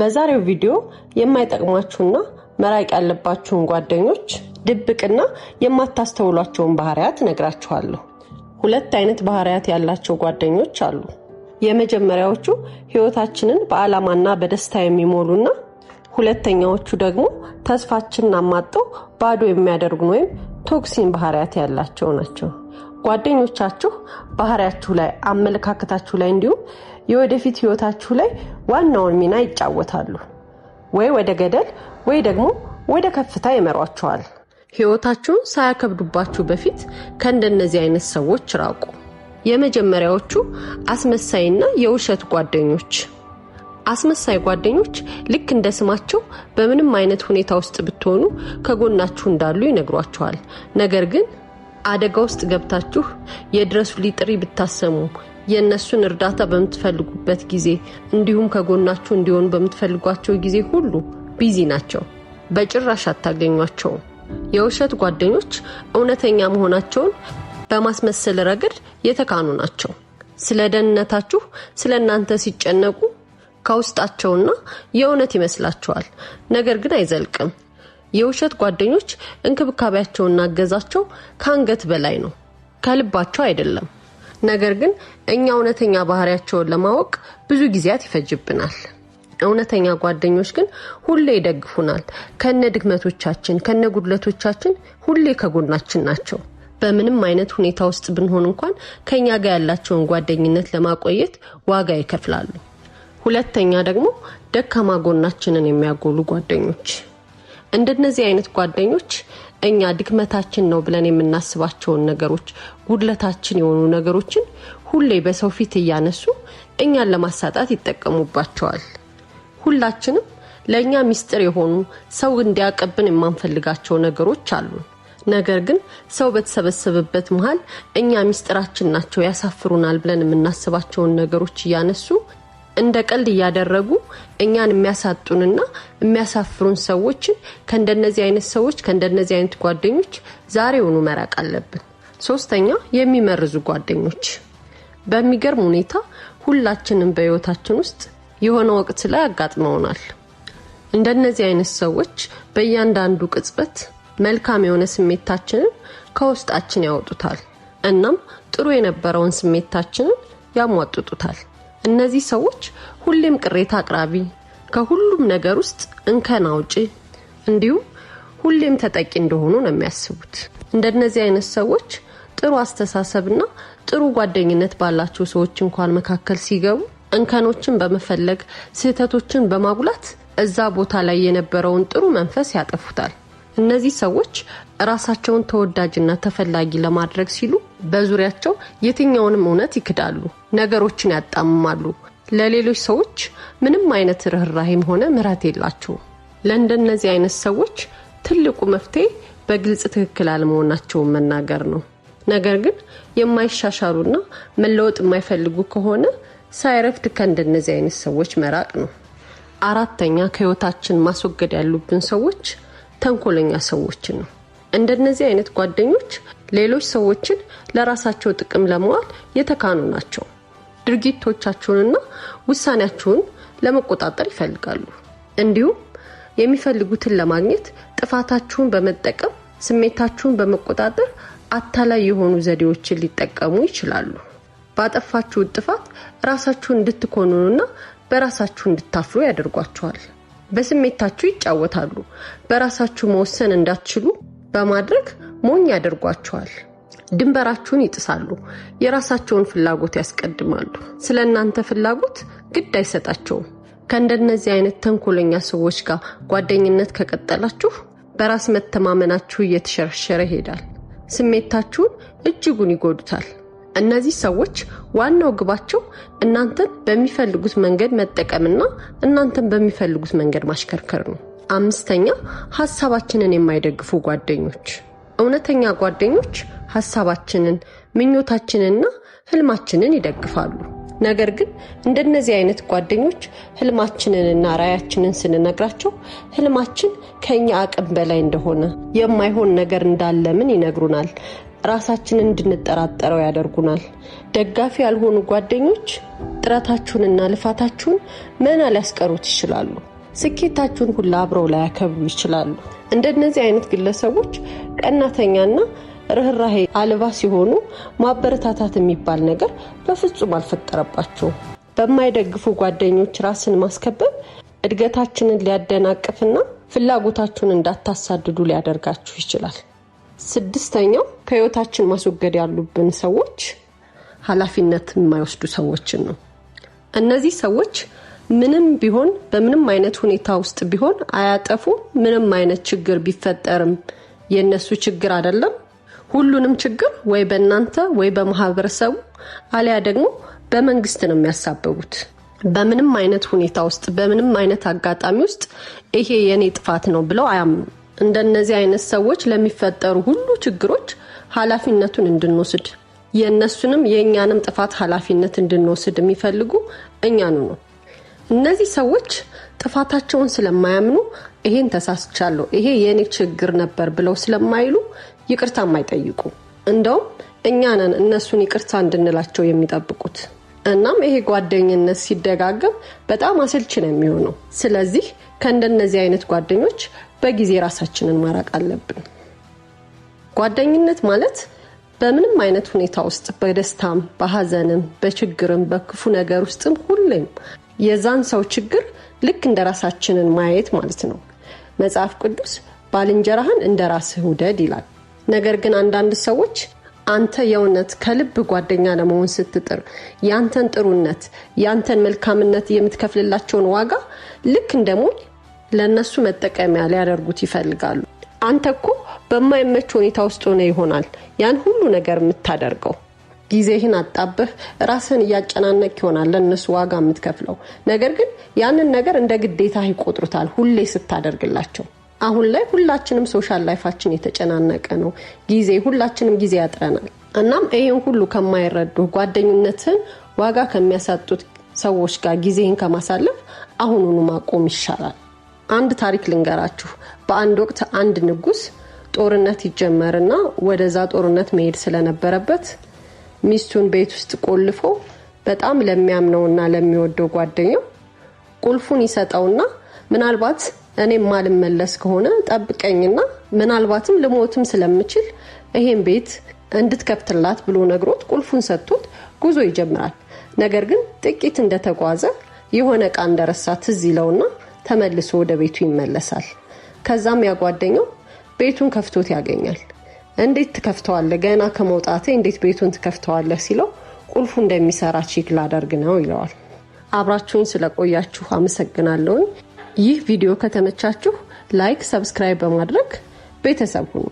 በዛሬው ቪዲዮ የማይጠቅማችሁና መራቅ ያለባችሁን ጓደኞች ድብቅና የማታስተውሏቸውን ባህሪያት ነግራችኋለሁ። ሁለት አይነት ባህሪያት ያላቸው ጓደኞች አሉ። የመጀመሪያዎቹ ህይወታችንን በዓላማና በደስታ የሚሞሉና ሁለተኛዎቹ ደግሞ ተስፋችንን አማጠው ባዶ የሚያደርጉን ወይም ቶክሲን ባህሪያት ያላቸው ናቸው። ጓደኞቻችሁ ባህሪያችሁ ላይ፣ አመለካከታችሁ ላይ እንዲሁም የወደፊት ህይወታችሁ ላይ ዋናውን ሚና ይጫወታሉ። ወይ ወደ ገደል ወይ ደግሞ ወደ ከፍታ ይመሯቸዋል። ህይወታችሁን ሳያከብዱባችሁ በፊት ከእንደነዚህ አይነት ሰዎች ራቁ። የመጀመሪያዎቹ አስመሳይና የውሸት ጓደኞች። አስመሳይ ጓደኞች ልክ እንደ ስማቸው በምንም አይነት ሁኔታ ውስጥ ብትሆኑ ከጎናችሁ እንዳሉ ይነግሯችኋል። ነገር ግን አደጋ ውስጥ ገብታችሁ የድረሱ ሊጥሪ ብታሰሙ የእነሱን እርዳታ በምትፈልጉበት ጊዜ እንዲሁም ከጎናችሁ እንዲሆኑ በምትፈልጓቸው ጊዜ ሁሉ ቢዚ ናቸው። በጭራሽ አታገኟቸውም። የውሸት ጓደኞች እውነተኛ መሆናቸውን በማስመሰል ረገድ የተካኑ ናቸው። ስለ ደህንነታችሁ፣ ስለ እናንተ ሲጨነቁ ከውስጣቸውና የእውነት ይመስላችኋል፣ ነገር ግን አይዘልቅም። የውሸት ጓደኞች እንክብካቤያቸውና እገዛቸው ከአንገት በላይ ነው፣ ከልባቸው አይደለም። ነገር ግን እኛ እውነተኛ ባህሪያቸውን ለማወቅ ብዙ ጊዜያት ይፈጅብናል። እውነተኛ ጓደኞች ግን ሁሌ ይደግፉናል። ከነ ድክመቶቻችን፣ ከነ ጉድለቶቻችን ሁሌ ከጎናችን ናቸው። በምንም አይነት ሁኔታ ውስጥ ብንሆን እንኳን ከእኛ ጋር ያላቸውን ጓደኝነት ለማቆየት ዋጋ ይከፍላሉ። ሁለተኛ ደግሞ ደካማ ጎናችንን የሚያጎሉ ጓደኞች እንደነዚህ አይነት ጓደኞች እኛ ድክመታችን ነው ብለን የምናስባቸውን ነገሮች ጉድለታችን የሆኑ ነገሮችን ሁሌ በሰው ፊት እያነሱ እኛን ለማሳጣት ይጠቀሙባቸዋል። ሁላችንም ለእኛ ሚስጥር የሆኑ ሰው እንዲያቀብን የማንፈልጋቸው ነገሮች አሉን። ነገር ግን ሰው በተሰበሰበበት መሀል እኛ ሚስጥራችን ናቸው ያሳፍሩናል ብለን የምናስባቸውን ነገሮች እያነሱ እንደ ቀልድ እያደረጉ እኛን የሚያሳጡንና የሚያሳፍሩን ሰዎችን ከእንደነዚህ አይነት ሰዎች ከእንደነዚህ አይነት ጓደኞች ዛሬውኑ መራቅ አለብን። ሶስተኛ የሚመርዙ ጓደኞች። በሚገርም ሁኔታ ሁላችንም በህይወታችን ውስጥ የሆነ ወቅት ላይ አጋጥመውናል። እንደነዚህ አይነት ሰዎች በእያንዳንዱ ቅጽበት መልካም የሆነ ስሜታችንን ከውስጣችን ያወጡታል። እናም ጥሩ የነበረውን ስሜታችንን ያሟጥጡታል። እነዚህ ሰዎች ሁሌም ቅሬታ አቅራቢ፣ ከሁሉም ነገር ውስጥ እንከን አውጪ እንዲሁም ሁሌም ተጠቂ እንደሆኑ ነው የሚያስቡት። እንደነዚህ አይነት ሰዎች ጥሩ አስተሳሰብና ጥሩ ጓደኝነት ባላቸው ሰዎች እንኳን መካከል ሲገቡ እንከኖችን በመፈለግ ስህተቶችን በማጉላት እዛ ቦታ ላይ የነበረውን ጥሩ መንፈስ ያጠፉታል። እነዚህ ሰዎች ራሳቸውን ተወዳጅና ተፈላጊ ለማድረግ ሲሉ በዙሪያቸው የትኛውንም እውነት ይክዳሉ፣ ነገሮችን ያጣምማሉ። ለሌሎች ሰዎች ምንም አይነት ርኅራሄም ሆነ ምሕረት የላቸውም። ለእንደነዚህ አይነት ሰዎች ትልቁ መፍትሄ በግልጽ ትክክል አለመሆናቸውን መናገር ነው። ነገር ግን የማይሻሻሉና መለወጥ የማይፈልጉ ከሆነ ሳይረፍድ ከእንደነዚህ አይነት ሰዎች መራቅ ነው። አራተኛ ከህይወታችን ማስወገድ ያሉብን ሰዎች ተንኮለኛ ሰዎችን ነው። እንደነዚህ አይነት ጓደኞች ሌሎች ሰዎችን ለራሳቸው ጥቅም ለመዋል የተካኑ ናቸው። ድርጊቶቻችሁንና ውሳኔያችሁን ለመቆጣጠር ይፈልጋሉ። እንዲሁም የሚፈልጉትን ለማግኘት ጥፋታችሁን በመጠቀም ስሜታችሁን በመቆጣጠር አታላይ የሆኑ ዘዴዎችን ሊጠቀሙ ይችላሉ። ባጠፋችሁት ጥፋት ራሳችሁን እንድትኮንኑና በራሳችሁ እንድታፍሩ ያደርጓችኋል። በስሜታችሁ ይጫወታሉ። በራሳችሁ መወሰን እንዳትችሉ በማድረግ ሞኝ ያደርጓቸዋል። ድንበራችሁን ይጥሳሉ። የራሳቸውን ፍላጎት ያስቀድማሉ። ስለ እናንተ ፍላጎት ግድ አይሰጣቸውም። ከእንደነዚህ አይነት ተንኮለኛ ሰዎች ጋር ጓደኝነት ከቀጠላችሁ በራስ መተማመናችሁ እየተሸረሸረ ይሄዳል። ስሜታችሁን እጅጉን ይጎዱታል። እነዚህ ሰዎች ዋናው ግባቸው እናንተን በሚፈልጉት መንገድ መጠቀምና እናንተን በሚፈልጉት መንገድ ማሽከርከር ነው። አምስተኛ ሀሳባችንን የማይደግፉ ጓደኞች እውነተኛ ጓደኞች ሀሳባችንን፣ ምኞታችንንና ህልማችንን ይደግፋሉ። ነገር ግን እንደነዚህ አይነት ጓደኞች ህልማችንንና ራዕያችንን ስንነግራቸው ህልማችን ከእኛ አቅም በላይ እንደሆነ የማይሆን ነገር እንዳለምን ይነግሩናል። ራሳችንን እንድንጠራጠረው ያደርጉናል። ደጋፊ ያልሆኑ ጓደኞች ጥረታችሁንና ልፋታችሁን መና ሊያስቀሩት ይችላሉ። ስኬታችሁን ሁላ አብረው ላያከብሩ ይችላሉ። እንደነዚህ አይነት ግለሰቦች ቀናተኛና ርኅራሄ አልባ ሲሆኑ ማበረታታት የሚባል ነገር በፍጹም አልፈጠረባቸውም። በማይደግፉ ጓደኞች ራስን ማስከበብ እድገታችንን ሊያደናቅፍና ፍላጎታችሁን እንዳታሳድዱ ሊያደርጋችሁ ይችላል። ስድስተኛው ከህይወታችን ማስወገድ ያሉብን ሰዎች ኃላፊነት የማይወስዱ ሰዎችን ነው። እነዚህ ሰዎች ምንም ቢሆን በምንም አይነት ሁኔታ ውስጥ ቢሆን አያጠፉ። ምንም አይነት ችግር ቢፈጠርም የእነሱ ችግር አይደለም። ሁሉንም ችግር ወይ በእናንተ ወይ በማህበረሰቡ አሊያ ደግሞ በመንግስት ነው የሚያሳበቡት። በምንም አይነት ሁኔታ ውስጥ በምንም አይነት አጋጣሚ ውስጥ ይሄ የኔ ጥፋት ነው ብለው አያምኑ። እንደነዚህ አይነት ሰዎች ለሚፈጠሩ ሁሉ ችግሮች ኃላፊነቱን እንድንወስድ የእነሱንም የእኛንም ጥፋት ኃላፊነት እንድንወስድ የሚፈልጉ እኛኑ ነው። እነዚህ ሰዎች ጥፋታቸውን ስለማያምኑ ይሄን ተሳስቻለሁ፣ ይሄ የእኔ ችግር ነበር ብለው ስለማይሉ ይቅርታ ማይጠይቁ እንደውም እኛ ነን እነሱን ይቅርታ እንድንላቸው የሚጠብቁት። እናም ይሄ ጓደኝነት ሲደጋገም በጣም አሰልች ነው የሚሆነው። ስለዚህ ከእንደነዚህ አይነት ጓደኞች በጊዜ ራሳችንን ማራቅ አለብን። ጓደኝነት ማለት በምንም አይነት ሁኔታ ውስጥ በደስታም፣ በሐዘንም፣ በችግርም፣ በክፉ ነገር ውስጥም ሁሌም የዛን ሰው ችግር ልክ እንደ ራሳችንን ማየት ማለት ነው። መጽሐፍ ቅዱስ ባልንጀራህን እንደ ራስህ ውደድ ይላል። ነገር ግን አንዳንድ ሰዎች አንተ የእውነት ከልብ ጓደኛ ለመሆን ስትጥር ያንተን ጥሩነት፣ ያንተን መልካምነት የምትከፍልላቸውን ዋጋ ልክ እንደሞኝ ለእነሱ መጠቀሚያ ሊያደርጉት ይፈልጋሉ። አንተ እኮ በማይመች ሁኔታ ውስጥ ሆነ ይሆናል ያን ሁሉ ነገር የምታደርገው። ጊዜህን አጣብህ ራስህን እያጨናነቅ ይሆናል ለእነሱ ዋጋ የምትከፍለው። ነገር ግን ያንን ነገር እንደ ግዴታ ይቆጥሩታል ሁሌ ስታደርግላቸው። አሁን ላይ ሁላችንም ሶሻል ላይፋችን የተጨናነቀ ነው። ጊዜ ሁላችንም ጊዜ ያጥረናል። እናም ይህን ሁሉ ከማይረዱ ጓደኝነትን ዋጋ ከሚያሳጡት ሰዎች ጋር ጊዜህን ከማሳለፍ አሁኑኑ ማቆም ይሻላል። አንድ ታሪክ ልንገራችሁ። በአንድ ወቅት አንድ ንጉስ ጦርነት ይጀመርና ወደዛ ጦርነት መሄድ ስለነበረበት ሚስቱን ቤት ውስጥ ቆልፎ በጣም ለሚያምነውና ለሚወደው ጓደኛው ቁልፉን ይሰጠውና ምናልባት እኔም ማልመለስ ከሆነ ጠብቀኝና ምናልባትም ልሞትም ስለምችል ይሄን ቤት እንድትከፍትላት ብሎ ነግሮት ቁልፉን ሰጥቶት ጉዞ ይጀምራል። ነገር ግን ጥቂት እንደተጓዘ የሆነ ቃ እንደረሳ ትዝ ይለውና ተመልሶ ወደ ቤቱ ይመለሳል። ከዛም ያጓደኘው ቤቱን ከፍቶት ያገኛል። እንዴት ትከፍተዋለህ? ገና ከመውጣቴ እንዴት ቤቱን ትከፍተዋለህ? ሲለው ቁልፉ እንደሚሰራ ቼክ ላደርግ ነው ይለዋል። አብራችሁን ስለቆያችሁ አመሰግናለሁኝ። ይህ ቪዲዮ ከተመቻችሁ ላይክ፣ ሰብስክራይብ በማድረግ ቤተሰብ ሁኑ።